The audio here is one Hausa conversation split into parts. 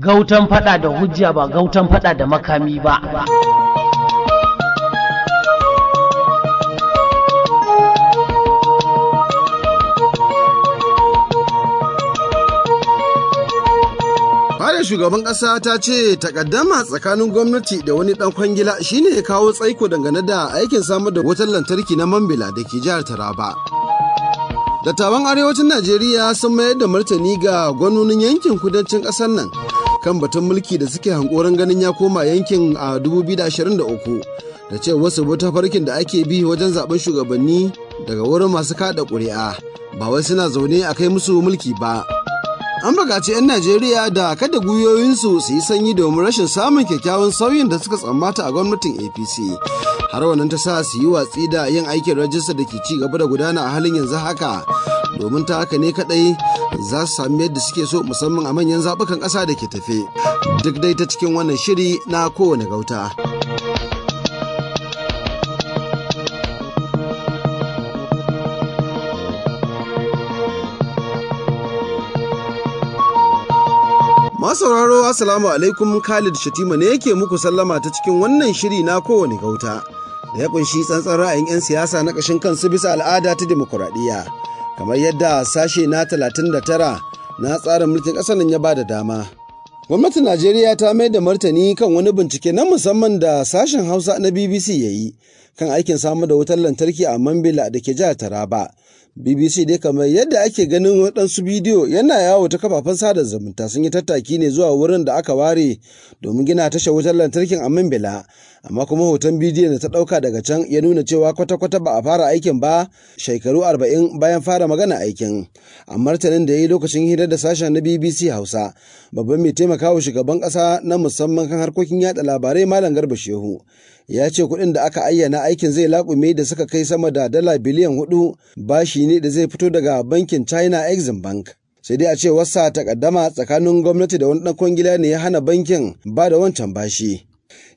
gautan fada da hujja ba gautan fada da makami ba Fadar shugaban Kasa ta ce takaddama tsakanin gwamnati da wani ɗan kwangila shine ya kawo tsaiko dangane da aikin samar da wutar lantarki na Mambila da ke jihar Taraba. Dattawan arewacin Najeriya sun mayar da martani ga gwanonin yankin kudancin ƙasar nan kan batun mulki da suke hankoron ganin ya koma yankin a 2023 da ce wasu wata farkin da ake bi wajen zaben shugabanni daga wurin masu kada ƙuri'a ba wai suna zaune a kai musu mulki ba. An bukaci 'yan Najeriya da kada gwiwoyinsu su yi sanyi domin rashin samun kyakkyawan sauyin da suka tsammata a gwamnatin APC. Har wannan ta sa su yi watsi da yin aikin rajista da ke ci gaba da gudana a halin yanzu haka. domin ta haka ne kadai za su sami yadda suke so musamman a manyan zabukan ƙasa da ke tafe duk dai ta cikin wannan shiri na kowane gauta. sauraro Assalamu alaikum Khalid Shatima ne yake muku sallama ta cikin wannan shiri na kowane gauta da ya kunshi tsantsan ra'ayin 'yan siyasa na ƙashin kansu bisa al'ada ta demokuraɗiyya. kamar yadda sashe na 39 na tsarin mulkin ƙasar nan ya ba da dama. Gwamnatin Najeriya ta mai da martani kan wani bincike na musamman da sashen Hausa na BBC ya yi kan aikin samar da wutar lantarki a Mambila da ke jihar Taraba. BBC dai kamar yadda ake ganin waɗansu bidiyo yana yawo ta kafafen sada zumunta sun yi tattaki ne zuwa wurin da aka ware domin gina tashar wutar lantarkin a Mambila. Amma kuma hoton bidiyon da ta ɗauka daga can ya nuna cewa kwata-kwata ba a fara aikin ba shekaru arba'in bayan fara magana aikin. A martanin da ya yi lokacin hira da sashen na BBC Hausa, babban mai taimakawa shugaban ƙasa na musamman kan harkokin yada labarai Malam Garba Shehu ya ce kuɗin da aka ayyana aikin zai laƙume da suka kai sama da dala biliyan hudu bashi ne da zai fito daga bankin China Exim Bank. sai dai a ce wasa takaddama tsakanin gwamnati da wani ɗan kwangila ne ya hana bankin ba da wancan bashi.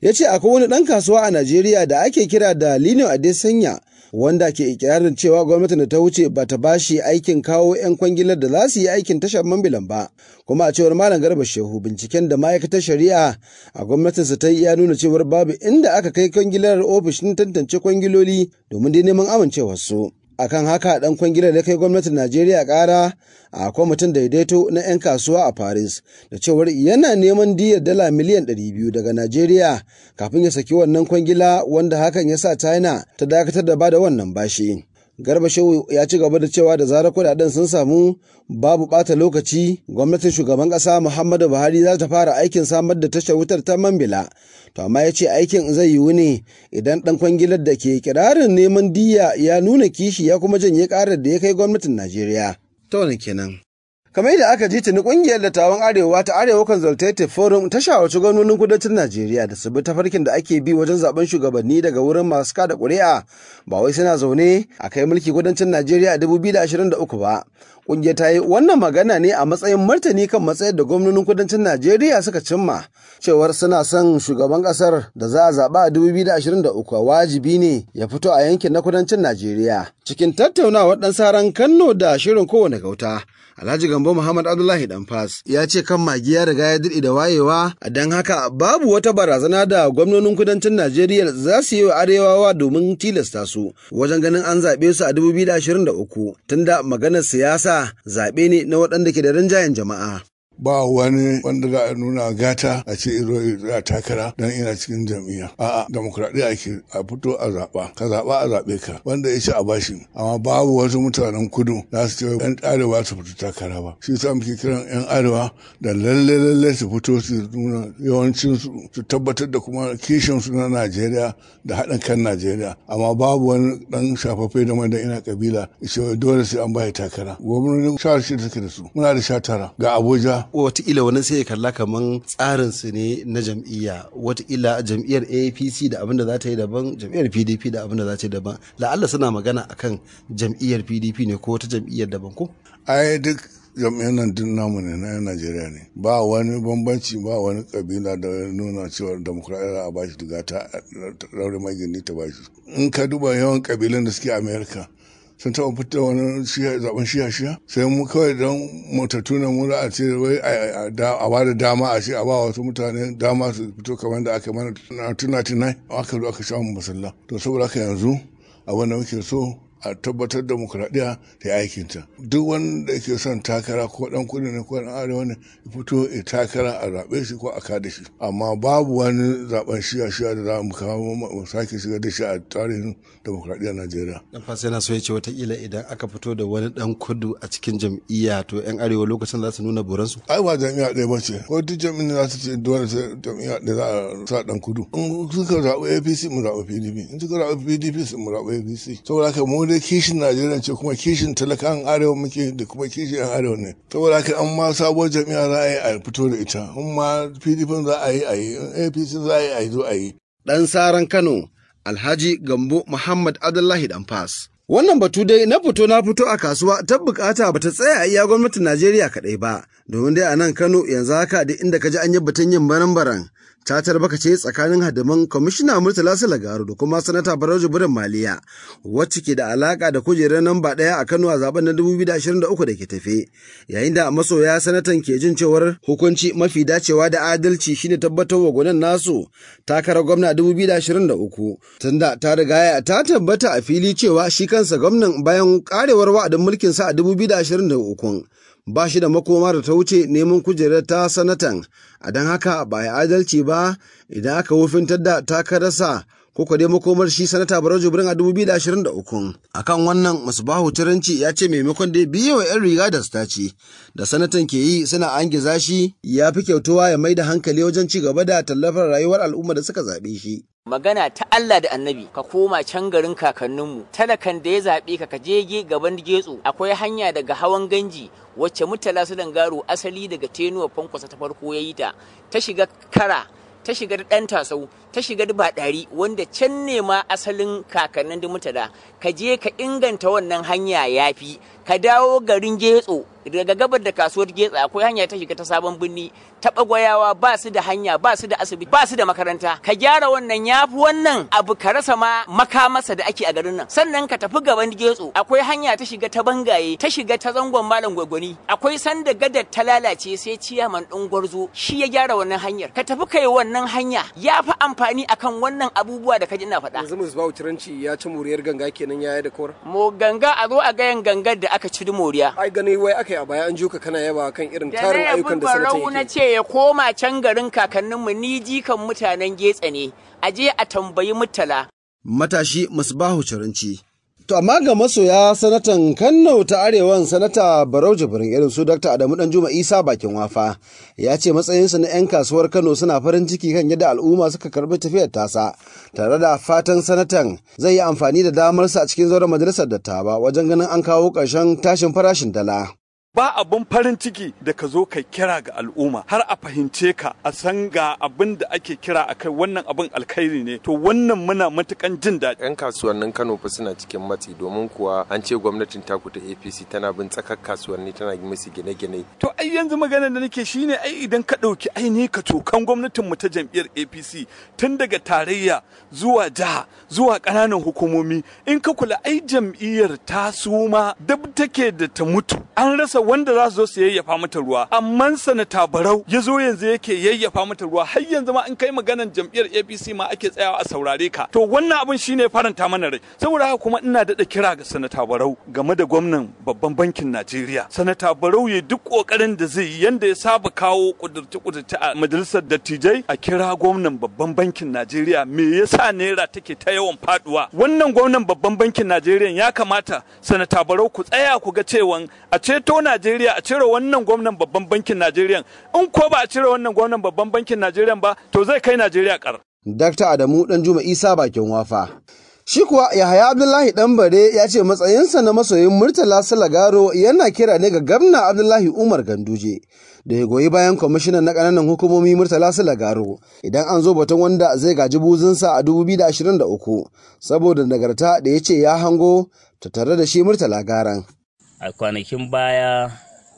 ya ce akwai wani ɗan kasuwa a najeriya da ake kira da lino adesanya wanda ke ikirarin cewa gwamnatin da ta wuce ba ta bashi aikin kawo 'yan kwangilar da za su yi aikin tashar mambilan ba kuma a cewar malam garba shehu binciken da ma'aikatar shari'a a gwamnatin su ta yi ya nuna cewar babu inda aka kai kwangilar ofishin tantance kwangiloli domin dai neman su akan haka dan kwangilar ya kai gwamnatin najeriya kara a kwamitin daidaito na 'yan kasuwa a paris da cewar yana neman diyar dala miliyan 200 daga najeriya kafin ya saki wannan kwangila wanda hakan ya sa china ta dakatar da ba da wannan bashi Garba Shehu ya ci gaba da cewa da zarar kudaden sun samu babu bata lokaci gwamnatin shugaban Kasa Muhammadu Buhari za ta fara aikin samar da tashar wutar ta Mambila. To amma ya ce aikin zai yiwu ne idan ɗan kwangilar da ke kirarin neman diya ya nuna kishi ya kuma janye karar da ya kai gwamnatin Najeriya. Ta wani kenan. kamar yadda aka ji tuni kungiyar dattawan arewa ta arewa consultative forum ta shawarci gwamnonin kudancin najeriya da su bi tafarkin da ake bi wajen zaben shugabanni daga wurin masu kada kuri'a ba wai suna zaune a kai mulki kudancin najeriya a 2023 ba kungiyar ta yi wannan magana ne a matsayin martani kan matsayar da gwamnonin kudancin najeriya suka cimma cewar suna son shugaban kasar da za a zaɓa a 2023 wajibi ne ya fito a yankin na kudancin najeriya cikin tattaunawa ɗan saran kano da shirin kowane gauta Alhaji Gambo Muhammad Abdullahi Danfas ya ce kan magi ya riga ya dirɗi da wayewa dan haka babu wata barazana da gwamnonin kudancin Najeriya za su yi wa arewawa domin tilasta su wajen ganin an zaɓe su a 2023 tunda maganar siyasa zaɓe ne na waɗanda ke da rinjayen jama'a. ba wani wanda za a nuna gata a ce iro a takara dan ina cikin jam'iyya a'a demokradiyya ake a fito a zaɓa ka zaɓa a zaɓe ka wanda ya ci a bashi amma babu wasu mutanen kudu za su ce yan arewa su fito takara ba shi sa muke kiran yan arewa da lalle lalle su fito su nuna yawancin su su tabbatar da kuma kishin su na Najeriya da haɗin kan Najeriya amma babu wani ɗan shafaffe da mai ina kabila ce dole sai an bai takara gwamnonin sha shida suke da su muna da sha tara ga Abuja watakila wani sai ya kalla kaman tsarin su ne na jam'iyya watakila jam'iyyar apc da abin da za ta yi daban jam'iyyar pdp da abin da za ta yi daban la'alla suna magana akan jam'iyyar pdp ne ko wata jam'iyyar daban ko ai duk jam'iyyar nan duk namu ne na najeriya ne ba wani bambanci ba wani kabila da nuna cewa demokuraɗiyya a bashi duga ta daure magini ta bashi in ka duba yawan kabilan da suke amerika sun taɓa fita wani zaben shiya shiya sai mu kawai don motattu na mu za a ce wai a ba da dama a ce a ba wasu mutane dama su fito kamar da aka mana na 1999 aka zo aka sha mu masalla. to saboda haka yanzu abin da muke so a tabbatar da mukuraɗiya ta aikinta duk wanda yake son takara ko dan kudu ne ko dan arewa ne ya fito ya takara a zaɓe shi ko a kada shi amma babu wani zaɓen shiya shiya da za mu kawo mu sake shiga da shi a tarihin demokuraɗiyyar najeriya dan fasa yana so ya ce wataƙila idan aka fito da wani dan kudu a cikin jam'iyya to yan arewa lokacin za su nuna buransu ai ba jam'iyya ɗaya ba ce ko duk jam'iyyar za su ce dole sai jam'iyya ɗaya za a sa dan kudu in suka zaɓi apc mu zaɓi pdp in suka zaɓi pdp mu zaɓi apc saboda haka mu dai kishin najeriya ce kuma kishin talakan arewa muke da kuma kishin yan arewa ne saboda haka an ma sabuwar jami'a za a yi a fito da ita in ma pdp za a yi a yi apc za a yi a zo a yi. dan saran kano alhaji gambo muhammad abdullahi danfas. Wannan batu dai na fito na fito a kasuwa ta bukata ba ta tsaya a iya gwamnatin Najeriya kaɗai ba, domin dai a nan Kano yanzu haka da inda ka ji an yi batun yin baran-baran ta tarbaka ce tsakanin hadiman kwamishina murtala salagaru da kuma sanata barauji burin maliya wacce ke da alaka da kujerar namba ɗaya a kano a zaben na 2023 da ke tafe yayin da masoya sanatan ke jin cewar hukunci mafi dacewa da adalci shine tabbatar wa gwanan nasu takarar gwamna 2023 tunda ta riga ta tabbata a fili cewa shi kansa gwamnan bayan karewar wa'adin mulkin mulkinsa a 2023 ba shi da makoma da ta wuce neman kujerar ta sanatan a don haka ba ya adalci ba idan aka wufintar da takarasa ko dai makomar shi sanata Barau Jibrin a 2023 akan wannan musbahu turanci ya ce maimakon da ya biye wa yan riga da staci da sanatan ke yi suna giza shi ya fi kyautuwa ya mai da hankali wajen ci gaba da tallafar rayuwar al'umma da suka zaɓe shi magana ta Allah da annabi ka koma can garin kakanninmu talakan da ya zaɓe ka ka je gaban getso akwai hanya daga hawan ganji wacce mutala su dangaro asali daga tenuwa fankwasa ta farko ya yi ta ta shiga kara ta shiga da ɗan tasau ta shiga da baɗari wanda can ne ma asalin kakannin da ka je ka inganta wannan hanya ya fi ka dawo garin getso daga gabar da kasuwar getsa akwai hanya ta shiga ta sabon birni goyawa ba su da hanya ba su da asibiti ba su da makaranta ka gyara wannan ya wannan abu ka rasa ma makamasa da ake a garin nan sannan ka tafi gaban getso akwai hanya ta shiga ta bangaye ta shiga ta zangon malam gwagwani akwai sanda gadar ta lalace sai ciyaman ɗin gwarzo shi ya gyara wannan hanyar ka tafi kai wannan hanya yafi fi amfani akan wannan abubuwa da ka ji ina faɗa yanzu musbahu turanci ya ci moriyar ganga kenan yaya da kora mo ganga a zo a gayan gangar da aka ci moriya ai gani wai aka yi a baya an juka kana yaba kan irin tarin ayyukan da sanata yake ya koma can garin kakanninmu ni jikan mutanen Getse ne, a je a tambayi mutala. Matashi Musbahu Cirinci. To amma ga masoya sanatan Kano ta Arewan sanata Barau Jibrin irin su Dr. Adamu Danjuma Isa bakin wafa ya ce matsayinsa na 'yan kasuwar Kano suna farin ciki kan yadda al'umma suka karbi tafiyar tasa tare da fatan sanatan zai yi amfani da damarsa a cikin zauren majalisar dattawa wajen ganin an kawo ƙarshen tashin farashin dala. ba abun farin ciki da ka zo kai kira ga al'umma har a fahimce ka a san ga abin da ake kira a kai wannan abin alkhairi ne to wannan muna matukan jin daɗi yan kasuwannin Kano fa suna cikin matsi domin kuwa an ce gwamnatin taku ta APC tana bin tsakar kasuwanni tana yi musu gine-gine to ai yanzu maganar da nake shine ai idan ka ɗauki ne ka cokan gwamnatin mu ta jam'iyyar APC tun daga tarayya zuwa jiha zuwa ƙananan hukumomi in ka kula ai jam'iyyar ta suma dab take da ta mutu an rasa sa wanda za su zo su yayyafa mata ruwa amma sanata barau ya zo yanzu yake yayyafa mata ruwa har yanzu ma in kai maganan jam'iyyar APC ma ake tsayawa a saurare ka to wannan abin shine faranta mana rai saboda haka kuma ina dada kira ga sanata barau game da gwamnan babban bankin Najeriya sanata barau ya duk kokarin da zai yanda ya saba kawo kudurci kudurci a majalisar dattijai a kira gwamnan babban bankin Najeriya me yasa naira take ta yawan faduwa wannan gwamnan babban bankin Najeriya ya kamata sanata barau ku tsaya ku ga cewan a ceto Najeriya a cire wannan gwamnan babban bankin Najeriya in ko ba a cire wannan gwamnan babban bankin Najeriya ba to zai kai Najeriya kar. Dr. Adamu juma Isa bakin wafa. Shi kuwa Yahaya Abdullahi bare ya ce matsayinsa na masoyin Murtala Salagaro yana kira ne ga gwamna Abdullahi Umar Ganduje da ya goyi bayan kwamishinan na kananan hukumomi Murtala Salagaro idan an zo batun wanda zai gaji buzinsa a 2023 saboda nagarta da ya ce ya hango ta tare da shi Murtala Garan. a kwanakin baya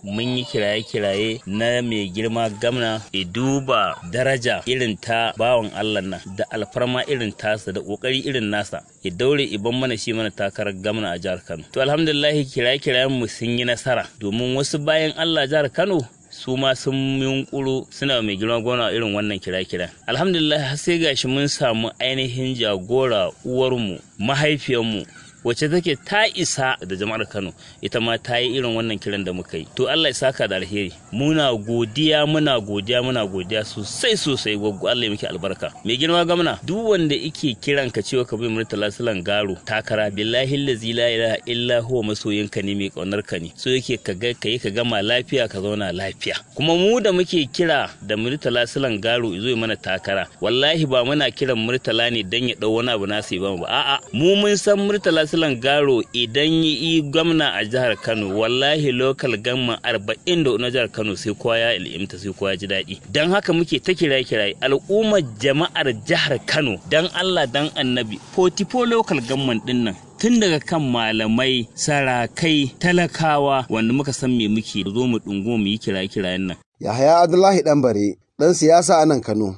mun yi kiraye-kiraye na mai girma gamna ya duba daraja irin ta bawan Allah nan da alfarma irin tasa da kokari irin nasa ya daure iban mana shi mana takarar gamna a jihar Kano. To alhamdulillahi kiraye-kirayen mu sun yi nasara domin wasu bayan Allah jihar Kano su ma sun yunkuro suna mai girma gona irin wannan kira-kira alhamdulillah sai gashi mun samu ainihin jagora uwarmu mahaifiyarmu wacce take ta isa da jama'ar Kano ita ma ta yi irin wannan kiran da muka yi to Allah ya saka da alheri muna godiya muna godiya muna godiya sosai sosai gwaggo Allah ya miki albarka mai girma gamna duk wanda yake kiran ka cewa ka bi murtala salan garo takara billahi allazi la ilaha illa huwa masoyinka ne mai kaunar ka ne so yake ka ga kai ka gama lafiya ka zauna lafiya kuma mu da muke kira da murtala salan garo izo mana takara wallahi ba muna kiran murtala ne dan ya dau wani abu na sai ba mu ba a'a mu mun san murtala kansilan garo idan yi gwamna a jihar kano wallahi lokal gamma arba'in da na jihar kano sai kowa ya ilimta sai kowa ji daɗi don haka muke ta kirai kiraye al'ummar jama'ar jihar kano don allah don annabi potipo lokal gamman ɗinnan. tun daga kan malamai sarakai talakawa wanda muka san me muke zo mu dungo mu yi kira-kirayen nan yahaya abdullahi ɗanbare ɗan siyasa a nan kano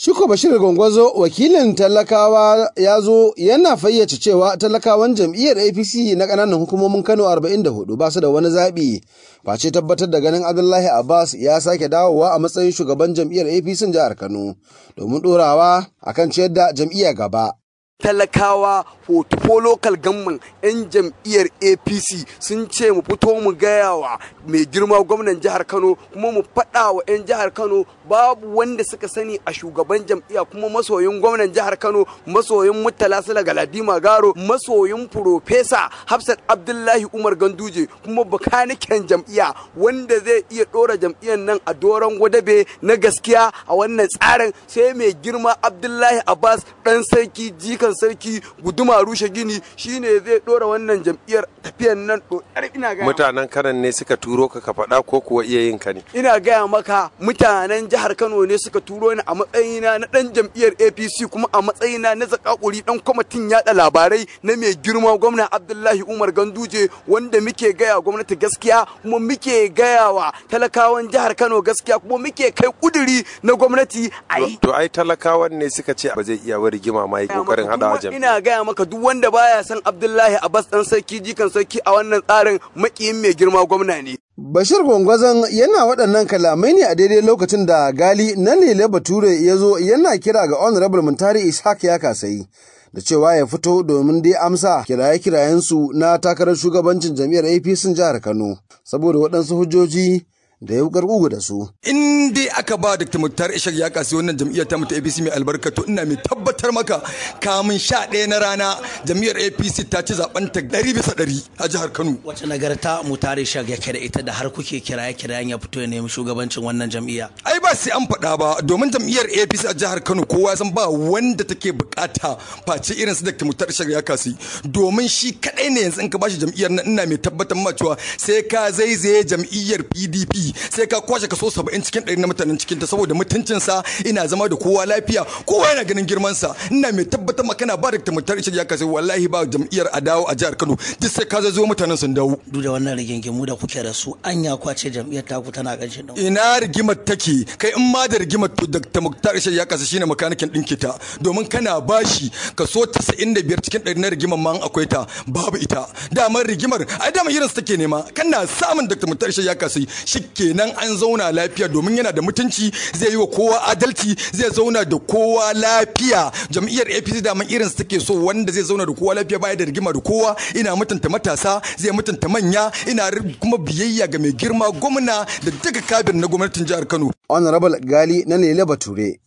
Shuko Bashir gwangwazo wakilin talakawa ya zo yana fayyace cewa talakawan jam'iyyar APC na ƙananan hukumomin Kano 44 ba su da wani zaɓi. Face tabbatar da ganin Abdullahi Abbas ya sake dawowa a matsayin shugaban jam'iyyar APC jihar Kano domin ɗorawa akan ciyar da jam'iyya gaba. talakawa ko local gamman 'yan jam'iyyar apc sun ce mu fito mu gaya wa mai girma gwamnan jihar kano kuma mu faɗa wa 'yan jihar kano babu wanda suka sani a shugaban jam'iyya kuma masoyin gwamnan jihar kano masoyin murtala sila galadima garo masoyin profesa hafsat abdullahi umar ganduje kuma bakaniken jam'iyya wanda zai iya ɗora jam'iyyar nan a doron gwadabe na gaskiya a wannan tsarin sai mai girma abdullahi abbas ɗan sarki jikan wannan sarki guduma rushe gini shine zai dora wannan jam'iyyar tafiyan nan ɗoɗar ina ga mutanen karan ne suka turo ka ka faɗa ko kuwa iya yin ka ne ina gaya maka mutanen jihar Kano ne suka turo ni a matsayina na dan jam'iyyar APC kuma a matsayina na zakakuri dan kwamitin yada labarai na mai girma gwamna Abdullahi Umar Ganduje wanda muke gaya gwamnati gaskiya kuma muke gaya wa talakawan jihar Kano gaskiya kuma muke kai kuduri na gwamnati ai to ai talakawan ne suka ce ba zai iya wa rigima ma yi kokarin faɗa ina gaya maka duk wanda baya son Abdullahi a bas dan sarki jikan sarki a wannan tsarin makiyin mai girma gwamna ne Bashir Gwangwazan yana waɗannan kalamai ne a daidai lokacin da Gali na Lele Bature ya zo yana kira ga Honorable Muntari Ishaq ya Sayi, da cewa ya fito domin dai amsa kiraye-kirayensu na takarar shugabancin jam'iyyar APC jihar Kano saboda waɗansu hujjoji da ya wukar da su. In dai aka ba Dr. Muktar Ishak ya kasi wannan jam'iyyar ta mutu APC mai albarka ina mai tabbatar maka kamun sha ɗaya na rana jam'iyyar APC ta ci zaben ta ɗari bisa ɗari a jihar Kano. Wace nagarta Muktar Ishak ya kira ita da har kuke kiraye kira ya fito ya nemi shugabancin wannan jam'iyya. Ai ba sai an faɗa ba domin jam'iyyar APC a jihar Kano kowa san ba wanda take bukata face irin su Dr. Muktar Ishak ya kasi domin shi kaɗai ne yanzu in ka bashi jam'iyyar nan ina mai tabbatar ma cewa sai ka zaizaye jam'iyyar PDP sai ka kwashe kaso saba'in cikin ɗari na mutanen cikin ta saboda mutuncinsa ina zama da kowa lafiya kowa yana ganin girman sa ina mai tabbatar maka kana ba da ishe ya kasai wallahi ba jam'iyyar adawo a jihar Kano duk sai ka zo mutanen sun dawo duk da wannan rigingimu da kuke da su anya kwace jam'iyyar ku tana ganin dan ina rigimar take kai in ma da rigimar to Dr. ishe ya kasa shine makanikin ɗinki ta domin kana bashi kaso 95 cikin ɗari na rigimar man akwai ta babu ita damar rigimar ai damar irin su take nema kana samun Dr. ishe ya kasa shi kenan an zauna lafiya domin yana da mutunci zai yi wa kowa adalci zai zauna da kowa lafiya jam'iyyar apc daman irin su take so wanda zai zauna da kowa lafiya baya da rigima da kowa ina mutunta matasa zai mutunta manya ina kuma biyayya ga mai girma gwamna da duka kafin na gwamnatin jihar kano honorable gali na lele bature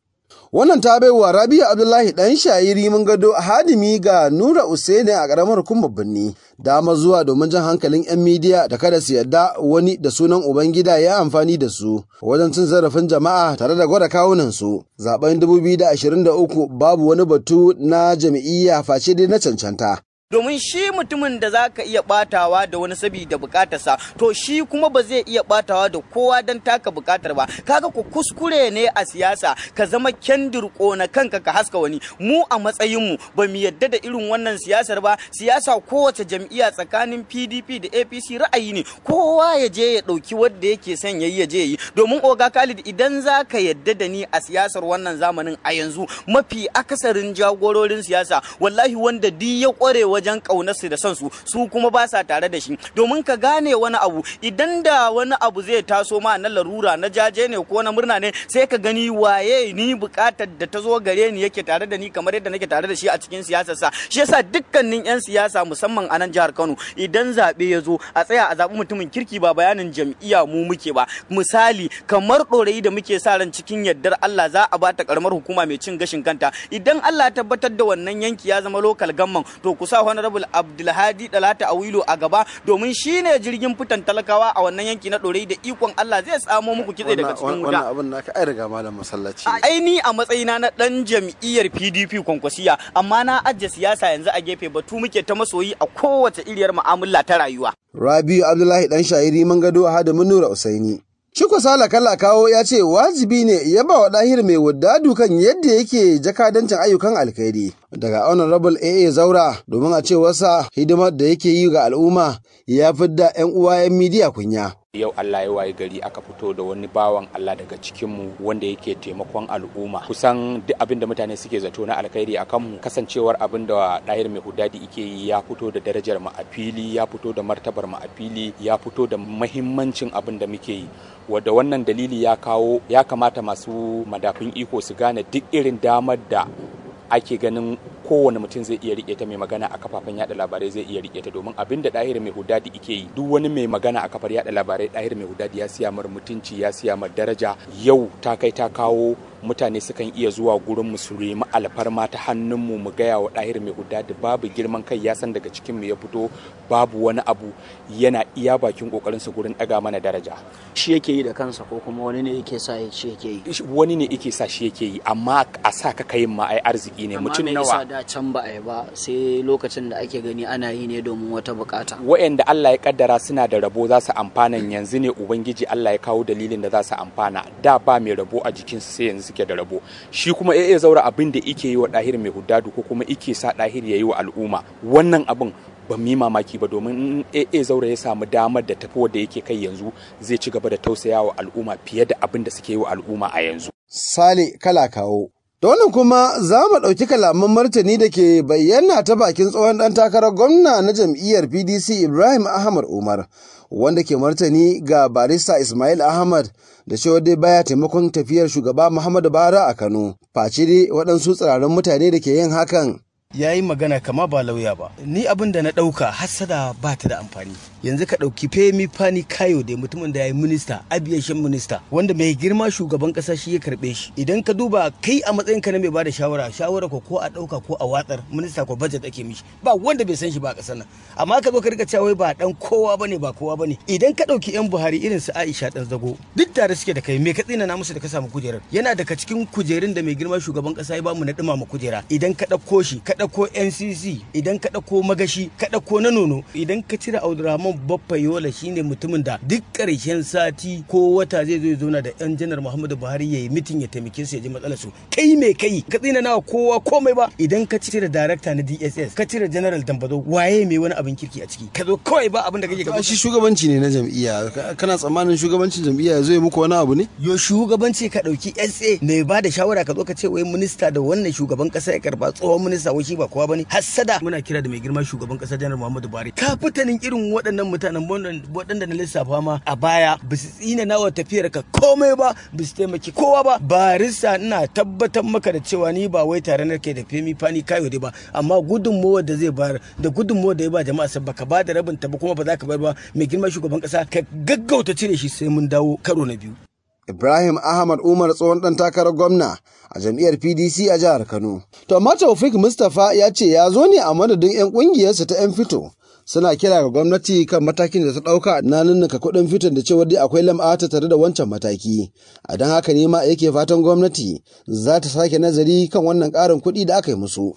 Wannan ta baiwa Rabi'u Abdullahi ɗan shayiri mun gado hadimi ga Nura Usaini a karamar hukumar birni dama zuwa domin jan hankalin 'yan midiya da kada su yadda wani da sunan Ubangida ya amfani da su wajen cin zarafin jama'a tare da gwada kawunan su. Zaben 2023 babu wani batu na jam'iyya face dai na cancanta. domin shi mutumin da zaka iya batawa da wani sabida bukatarsa to shi kuma ba zai iya batawa da kowa don taka bukatar ba kaga ku kuskure ne a siyasa ka zama kyandir na kanka ka haska wani mu a matsayinmu ba mu yadda da irin wannan siyasar ba siyasa kowace jam'iyya tsakanin pdp da apc ra'ayi ne kowa ya je ya ɗauki wanda yake son yayi ya je yi domin oga khalid idan zaka yadda da ni a siyasar wannan zamanin a yanzu mafi akasarin jagororin siyasa wallahi wanda duk ya kware wajen ƙaunarsu da son su su kuma ba sa tare da shi domin ka gane wani abu idan da wani abu zai taso ma na larura na jaje ne ko na murna ne sai ka gani waye ni buƙatar da ta zo gare ni yake tare da ni kamar yadda nake tare da shi a cikin siyasar sa shi yasa dukkanin yan siyasa musamman a nan jihar Kano idan zabe ya zo a tsaya a zabi mutumin kirki ba bayanin jam'iyya mu muke ba misali kamar ɗorayi da muke sa ran cikin yardar Allah za a bata karamar hukuma mai cin gashin kanta idan Allah tabbatar da wannan yanki ya zama lokal gamman to kusa honorable abdulhadi dalata awilo a gaba domin shine jirgin fitan talakawa a wannan yanki na dorai da ikon Allah zai samo muku kitse daga cikin wuta wannan abin naka ai riga malam masallaci aini a matsayina na dan jam'iyyar PDP kwankwasiya amma na ajje siyasa yanzu a gefe batu muke ta masoyi a kowace iriyar mu'amala ta rayuwa Rabi'u Abdullahi dan shairi mun gado Hadamu Nura Usaini Ciko Sala kawo ya ce wajibi ne ya ba wa dahir mai wadda dukan yadda yake jakadancin ayyukan alkhairi. daga honorable AA Zaura domin a ce cewarsa hidimar da yake yi ga al'umma ya fi da 'yan uwa 'yan midiya kunya. yau Allah ya wayi gari aka fito da wani bawan Allah daga cikinmu wanda yake taimakon al'umma kusan duk abin da mutane suke zato na alkhairi a kanmu kasancewar abin da ɗahir mai hudadi ike yi ya fito da darajar mu a fili ya fito da martabar mu a fili ya fito da mahimmancin abin da muke yi wadda wannan dalili ya ya kamata masu madafin iko su gane duk irin damar da ake ganin kowane mutum zai iya riƙe ta mai magana a kafafen yada labarai zai iya riƙe ta domin abin da dahir mai hudadi ike yi duk wani mai magana a kafar yada labarai dahir mai hudadi ya siya mar mutunci ya siya mar daraja yau ta kai ta kawo mutane sukan iya zuwa gurin mu su remi alfarma ta hannun mu mu gaya wa ɗahir mai guda da babu girman kai ya san daga cikin mu ya fito babu wani abu yana iya bakin kokarin su gurin ɗaga mana daraja shi yake yi da kansa ko kuma wani ne yake sa shi yake yi wani ne yake sa shi yake yi amma a sa ka kayin ma ai arziki ne mutum nawa amma da can ba ai ba sai lokacin da ake gani ana yi ne domin wata bukata wa'anda Allah ya kaddara suna da rabo za su amfana yanzu ne ubangiji Allah ya kawo dalilin da za su amfana da ba mai rabo a jikinsu sai yanzu suke da rabo shi kuma iya zaura abin da ike yi wa ɗahir mai hudadu ko kuma ike sa ɗahir ya yi wa al'umma wannan abin ban yi mamaki ba domin AA zaura ya samu damar da tafi wadda yake kai yanzu zai ci gaba da tausaya wa al'umma fiye da abin da suke yi wa al'umma a yanzu. Sale Kalakawo Da kuma za mu ɗauki kalaman martani da ke bayyana ta bakin tsohon ɗan takarar gwamna na jam'iyyar PDC Ibrahim Ahmad Umar, wanda ke martani ga barista Ismail Ahmad da cewa dai baya taimakon tafiyar shugaba Muhammadu Bara a Kano, faciri waɗansu tsirarin mutane da ke yin hakan. ya yi magana kama ba lauya ba ni abin da na ɗauka hassada ba ta da amfani yanzu ka ɗauki femi fani kayo da mutumin da ya yi minista abiyashin minista wanda mai girma shugaban kasa shi ya karɓe shi idan ka duba kai a matsayin ka na mai bada shawara shawara ko ko a ɗauka ko a watsar minista ko budget ake mishi ba wanda bai san shi ba a ƙasar nan amma ka zo ka rika cewa ba dan kowa bane ba kowa bane idan ka ɗauki yan Buhari irin su Aisha dan zago duk tare suke da kai me ka tsina na musu da ka samu kujerar yana daga cikin kujerun da mai girma shugaban ƙasa ya bamu na ɗumama kujera idan ka ɗauko shi ka ɗauko ncc idan ka ɗauko magashi ka ɗauko na nono idan ka cire abdulrahman baffa yola shine mutumin da duk ƙarshen sati ko wata zai zo ya zauna da yan janar muhammadu buhari ya yi mitin ya taimake su ya ji matsalar su kai mai kai ka tsina nawa kowa komai ba idan ka cire darakta na dss ka cire general dambazo waye mai wani abin kirki a ciki ka zo kawai ba abin da kake gaba shi shugabanci ne na jam'iyya kana tsammanin shugabancin jam'iyya ya zo ya muku wani abu ne yo shugabanci ka ɗauki sa mai ba da shawara ka zo ka ce wai minista da wannan shugaban ƙasa ya karba tsohon minista wai sarki ba kowa bane hassada muna kira da mai girma shugaban kasa janar muhammadu buhari ka fitanin irin waɗannan mutanen waɗanda na lissafa ma a baya ba su tsina nawa tafiyar ka komai ba ba su taimaki kowa ba barista ina tabbatar maka da cewa ni ba wai tare na ke da femi fani kayo ba amma gudunmawar da zai bayar da gudunmawar da ya ba jama'a sabba ka ba da rabin ta ba kuma ba za ka bar ba mai girma shugaban kasa ka gaggauta cire shi sai mun dawo karo na biyu Ibrahim Ahmad Umar tsohon ɗan takarar gwamna a jam'iyyar PDC a jihar Kano. To amma Mustapha ya ce ya zo ne a madadin 'yan ƙungiyarsa ta 'yan fito. Suna kira ga gwamnati kan matakin da ta ɗauka na ninninka kuɗin fiton da cewar dai akwai lam'ata tare da wancan mataki. A don haka ne ma yake fatan gwamnati za ta sake nazari kan wannan ƙarin kuɗi da aka yi musu.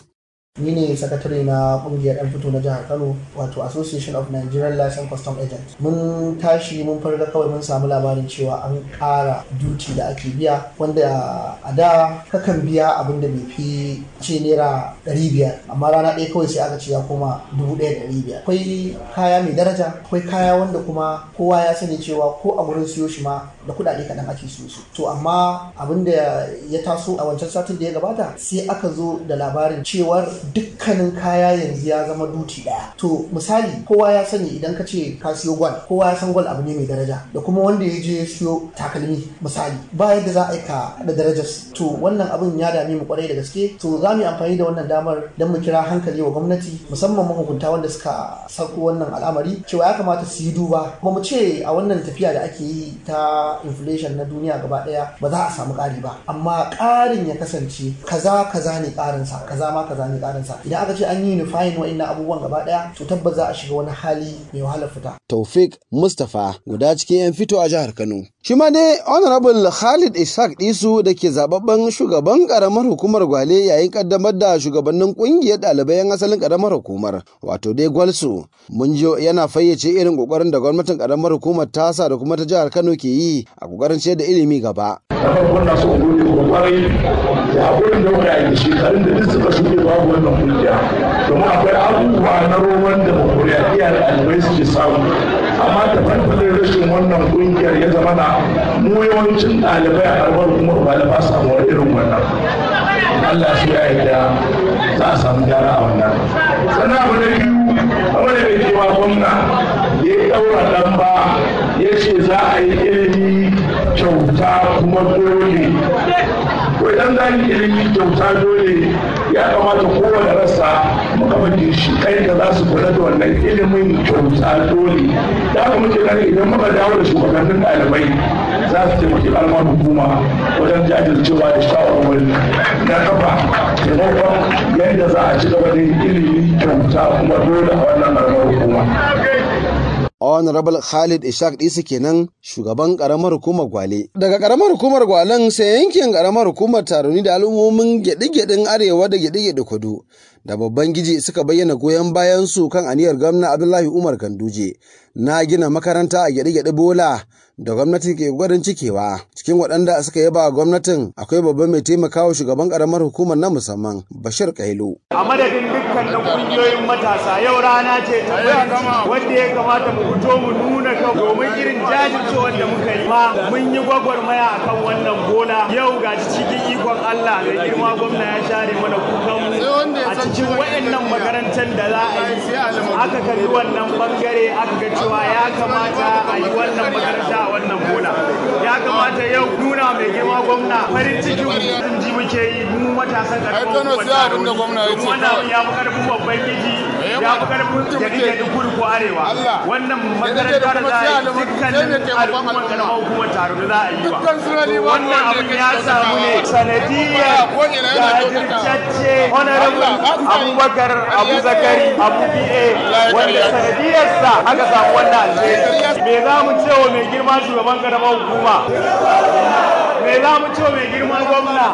ni ne sakatare na kungiyar 'yan fito na jihar kano wato association of nigerian license custom agent mun tashi mun farga kawai mun samu labarin cewa an ƙara duty da ake biya wanda a da kakan biya abinda da bai fi ce naira ɗari biyar amma rana ɗaya kawai sai aka ce ya koma dubu ɗaya ɗari akwai kaya mai daraja akwai kaya wanda kuma kowa ya sani cewa ko a gurin siyo shi ma da kuɗaɗe kaɗan ake siyo su to amma abinda ya taso a wancan satin da ya gabata sai aka zo da labarin cewar dukkanin kaya yanzu ya zama duti daya to misali kowa ya sani idan ka ce ka siyo gwal kowa ya san gwal abu ne mai daraja da kuma wanda ya je ya siyo takalmi misali ba yadda za a yi ka da darajar to wannan abin ya dami mu kwarai da gaske to za mu yi amfani da wannan damar don mu kira hankali wa gwamnati musamman mahukunta wanda suka sako wannan al'amari cewa ya kamata su yi duba kuma mu ce a wannan tafiya da ake yi ta inflation na duniya gaba daya ba za a samu ƙari ba amma ƙarin ya kasance kaza kaza ne ƙarinsa kaza ma kaza ne ƙarin tsarinsa idan aka ce an yi nufayin wa'annan abubuwan gaba daya to tabbas za a shiga wani hali mai wahalar fita taufik mustapha guda cikin yan fito a jihar kano shi ma dai honorable khalid ishaq disu da ke zababben shugaban karamar hukumar gwale yayin kaddamar da shugabannin kungiyar ɗalibai yan asalin karamar hukumar wato dai gwalsu mun ji yana fayyace irin kokarin da gwamnatin karamar hukumar ta sa da kuma ta jihar kano ke yi a kokarin ciyar da ilimi gaba. haƙurin da muka yi shekarun da duk suka shuɗe babu wannan kungiya domin akwai abubuwa na roman da makuriyatiya da alibai suke samu amma ta farfadin rashin wannan kungiyar ya zama na mu yawancin ɗalibai a karbar kuma ba da ba samu wani irin wannan Allah su ya yarda za a samu gyara a wannan sannan abu na biyu abu da mai kewa gwamna ya yi ɗaura ɗan ba ya ce za a yi ilimi kyauta kuma dole ko idan za ni ilimi kyauta dole ya kamata kowane rasa makamakin shi kai da za su kula da wannan ilimin kyauta dole da haka muke gani idan muka dawo da shugabannin ɗalibai za su taimaki alamar hukuma wajen jajircewa da shawarwari na kafa taimakon yadda za a ci gaba da ilimi kyauta kuma dole a wannan karamar hukuma honorable khalid ishaq isa kenan shugaban karamar hukumar gwale daga karamar hukumar gwalen sai yankin karamar hukumar taroni da al'ummomin gyaɗe-gyaɗen arewa da gyaɗe-gyaɗe kudu da babban giji suka bayyana goyon bayan su kan aniyar gwamna abdullahi umar kanduje na gina makaranta a gyade gyade bola da gwamnati ke gwarin cikewa cikin waɗanda suka yaba gwamnatin akwai babban mai taimakawa shugaban karamar hukumar na musamman bashir kailu a madadin dukkan na kungiyoyin matasa yau rana ce ta wanda ya kamata mu fito mu nuna kan domin irin jajircewar da muka yi ma mun yi gwagwarmaya kan wannan bola yau ga cikin ikon allah da girma gwamna ya share mana kukan a cikin fahimci wayannan makarantar da za a yi aka kalli wannan bangare aka ga cewa ya kamata a yi wannan makaranta a wannan gona ya kamata yau nuna mai girma gwamna farin cikin ji muke yi mu matasan karfin gwamna wannan ya fi karfin babban miji ya fi karfin su da duk kudu ko arewa wannan makaranta da za a yi dukkanin al'ummar karamar hukumar taro da za a yi wa wannan abin ya samu ne sanadiyar jajirtacce honorable abubakar abu zakari abu ba wanda sanadiyarsa aka samu wannan alheri me za mu ce wa mai girma shugaban karamar hukuma me za mu ce wa mai girma gwamna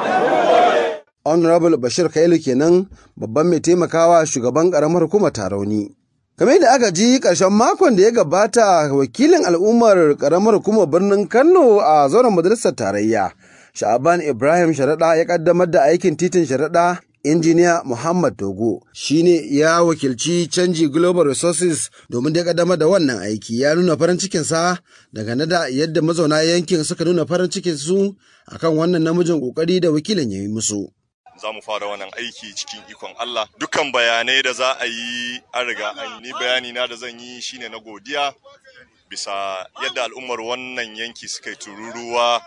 honorable bashir kailu kenan babban mai taimakawa shugaban karamar hukumar tarauni kamar da aka ji karshen makon da ya gabata wakilin al'ummar karamar hukumar birnin kano a zauren majalisar tarayya sha'aban ibrahim sharaɗa ya ƙaddamar da aikin titin sharaɗa injiniya Muhammad Dogo shine ya wakilci canji Global Resources domin da kaddamar da wannan aiki ya nuna farin cikinsa daga nada yadda mazauna yankin suka nuna farin cikinsu akan wannan namijin kokari da wakilin ya yi musu. za mu fara wannan aiki cikin ikon Allah dukan bayanai da za a yi an riga an ni bayani na da zan yi shine na godiya bisa yadda al'ummar wannan yanki suka yi tururuwa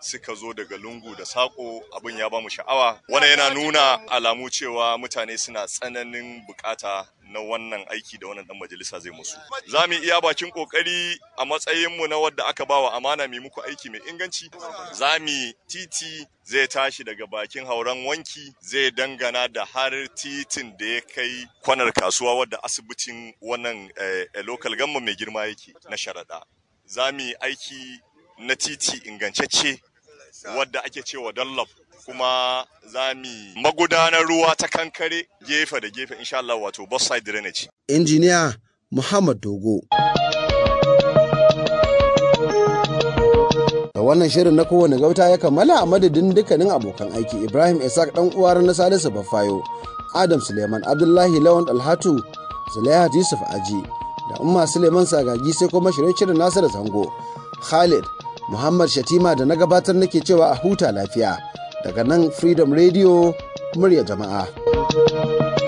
suka zo daga lungu da sako abin ya bamu sha'awa Wani yana nuna alamu cewa mutane suna tsananin bukata na wannan aiki da wannan dan majalisa zai musu za mu iya bakin kokari a matsayinmu na wadda aka bawa amana mai muku aiki mai inganci za mu titi zai tashi daga bakin hauren wanki zai dangana da har titin da ya kai kwanar kasuwa wadda asibitin wannan eh, eh, local gamma mai girma yake na sharaɗa za mu aiki na titi ingancacce wadda ake cewa Dunlop kuma za mu magudanar ruwa ta kankare gefe da gefe insha Allah wato both side drainage. Injiniya Muhammad Dogo. da wannan shirin na kowane gauta ya kammala a madadin dukkanin abokan aiki ibrahim isaac dan uwar na salisu baffayo adam suleiman abdullahi lawan alhatu zulaiha yusuf aji da umma suleiman sagagi sai kuma shirin shirin nasiru zango khalid muhammad shatima da na gabatar nake cewa a huta lafiya daga nan freedom radio murya jama'a.